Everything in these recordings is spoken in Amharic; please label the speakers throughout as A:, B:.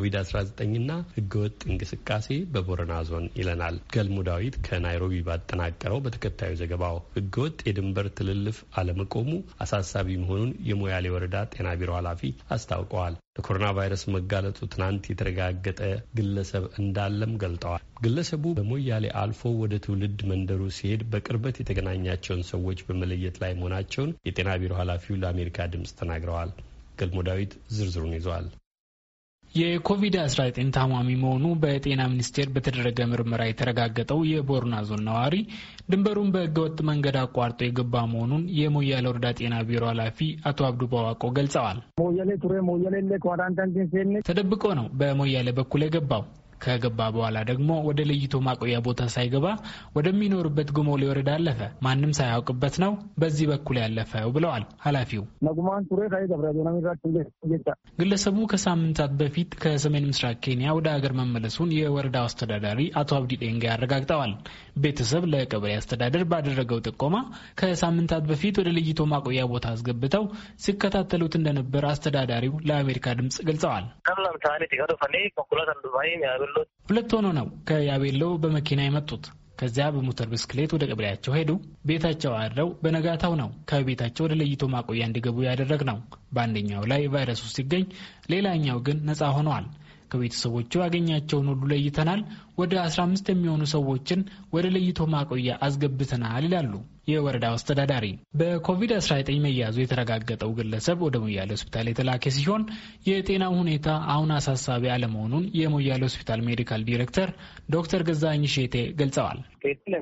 A: ኮቪድ-19ና ህገወጥ እንቅስቃሴ በቦረና ዞን ይለናል። ገልሙ ዳዊት ከናይሮቢ ባጠናቀረው በተከታዩ ዘገባው ህገወጥ የድንበር ትልልፍ አለመቆሙ አሳሳቢ መሆኑን የሞያሌ ወረዳ ጤና ቢሮ ኃላፊ አስታውቀዋል። ለኮሮና ቫይረስ መጋለጡ ትናንት የተረጋገጠ ግለሰብ እንዳለም ገልጠዋል። ግለሰቡ በሞያሌ አልፎ ወደ ትውልድ መንደሩ ሲሄድ በቅርበት የተገናኛቸውን ሰዎች በመለየት ላይ መሆናቸውን የጤና ቢሮ ኃላፊው ለአሜሪካ ድምፅ ተናግረዋል። ገልሞ ዳዊት ዝርዝሩን ይዟል።
B: የኮቪድ-19 ታማሚ መሆኑ በጤና ሚኒስቴር በተደረገ ምርመራ የተረጋገጠው የቦርና ዞን ነዋሪ ድንበሩን በህገወጥ መንገድ አቋርጦ የገባ መሆኑን የሞያሌ ወረዳ ጤና ቢሮ ኃላፊ አቶ አብዱ በዋቆ ገልጸዋል። ተደብቆ ነው በሞያሌ በኩል የገባው ከገባ በኋላ ደግሞ ወደ ለይቶ ማቆያ ቦታ ሳይገባ ወደሚኖርበት ጉሞ ወረዳ አለፈ። ማንም ሳያውቅበት ነው በዚህ በኩል ያለፈው ብለዋል ኃላፊው። ግለሰቡ ከሳምንታት በፊት ከሰሜን ምስራቅ ኬንያ ወደ ሀገር መመለሱን የወረዳው አስተዳዳሪ አቶ አብዲ ደንጋ ያረጋግጠዋል። ቤተሰብ ለቀበሌ አስተዳደር ባደረገው ጥቆማ ከሳምንታት በፊት ወደ ለይቶ ማቆያ ቦታ አስገብተው ሲከታተሉት እንደነበር አስተዳዳሪው ለአሜሪካ ድምጽ ገልጸዋል። ወሎ ሁለት ሆኖ ነው ከያቤሎ በመኪና የመጡት። ከዚያ በሞተር ብስክሌት ወደ ቀበሌያቸው ሄዱ። ቤታቸው አድረው በነጋታው ነው ከቤታቸው ወደ ለይቶ ማቆያ እንዲገቡ ያደረግ ነው። በአንደኛው ላይ ቫይረሱ ሲገኝ፣ ሌላኛው ግን ነፃ ሆነዋል። ከቤተሰቦቹ ያገኛቸውን ሁሉ ለይተናል። ወደ 15 የሚሆኑ ሰዎችን ወደ ለይቶ ማቆያ አስገብተናል ይላሉ የወረዳው አስተዳዳሪ። በኮቪድ-19 መያዙ የተረጋገጠው ግለሰብ ወደ ሞያሌ ሆስፒታል የተላከ ሲሆን የጤናው ሁኔታ አሁን አሳሳቢ አለመሆኑን የሞያሌ ሆስፒታል ሜዲካል ዲሬክተር ዶክተር ገዛኝ ሼቴ ገልጸዋል።
A: ክትትል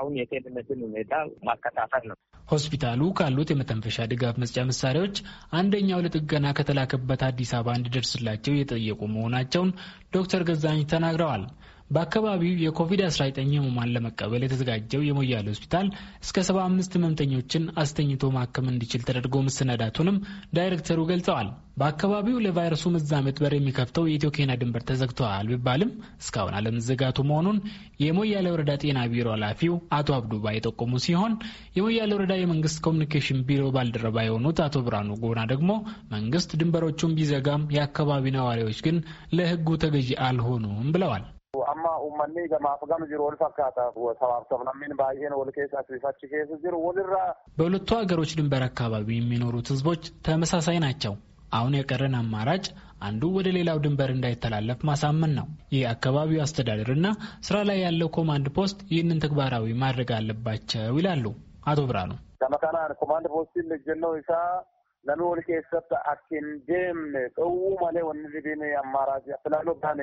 A: አሁን የጤንነትን ሁኔታ ማከታተል ነው።
B: ሆስፒታሉ ካሉት የመተንፈሻ ድጋፍ መስጫ መሳሪያዎች አንደኛው ለጥገና ከተላከበት አዲስ አበባ እንዲደርስላቸው የጠየቁ መሆናቸውን ዶክተር ገዛኝ ተናግረዋል። በአካባቢው የኮቪድ-19 ህሙማን ለመቀበል የተዘጋጀው የሞያሌ ሆስፒታል እስከ 75 ህመምተኞችን አስተኝቶ ማከም እንዲችል ተደርጎ መሰናዳቱንም ዳይሬክተሩ ገልጸዋል። በአካባቢው ለቫይረሱ መዛመት በር የሚከፍተው የኢትዮ ኬንያ ድንበር ተዘግተዋል ቢባልም እስካሁን አለመዘጋቱ መሆኑን የሞያሌ ወረዳ ጤና ቢሮ ኃላፊው አቶ አብዱባ የጠቆሙ ሲሆን የሞያሌ ወረዳ የመንግስት ኮሚኒኬሽን ቢሮ ባልደረባ የሆኑት አቶ ብርሃኑ ጎና ደግሞ መንግስት ድንበሮቹን ቢዘጋም የአካባቢ ነዋሪዎች ግን ለህጉ ተገዢ አልሆኑም ብለዋል።
A: uummanni gamaaf jiru wal fakkaata ሰባብ ሰብናሚን ባይሄን ወል ኬሳ ሲፋች keessa jiru ወልራ
B: በሁለቱ ሀገሮች ድንበር አካባቢ የሚኖሩት ህዝቦች ተመሳሳይ ናቸው። አሁን የቀረን አማራጭ አንዱ ወደ ሌላው ድንበር እንዳይተላለፍ ማሳመን ነው። የአካባቢው አስተዳደርና ስራ ላይ ያለው ኮማንድ ፖስት ይህንን ተግባራዊ ማድረግ አለባቸው ይላሉ አቶ ብርሃኑ።
A: ከመካና ኮማንድ ፖስት ልጅ ነው ይሳ ለምን wal keessatti akkin deemne tsawuu malee wanni dhibeen አማራጭ ስላልወጣን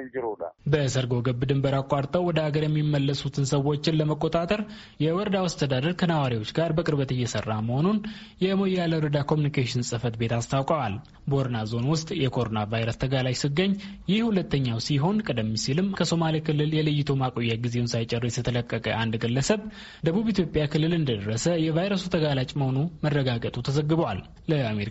B: በሰርጎ ገብ ድንበር አቋርጠው ወደ ሀገር የሚመለሱትን ሰዎችን ለመቆጣጠር የወረዳው አስተዳደር ከነዋሪዎች ጋር በቅርበት እየሰራ መሆኑን የሞያለ ወረዳ ኮሚኒኬሽን ጽህፈት ቤት አስታውቀዋል። ቦርና ዞን ውስጥ የኮሮና ቫይረስ ተጋላጭ ሲገኝ ይህ ሁለተኛው ሲሆን ቀደም ሲልም ከሶማሌ ክልል የለይቶ ማቆያ ጊዜውን ሳይጨርስ የተለቀቀ አንድ ግለሰብ ደቡብ ኢትዮጵያ ክልል እንደደረሰ የቫይረሱ ተጋላጭ መሆኑ መረጋገጡ ተዘግቧል። ለአሜሪካ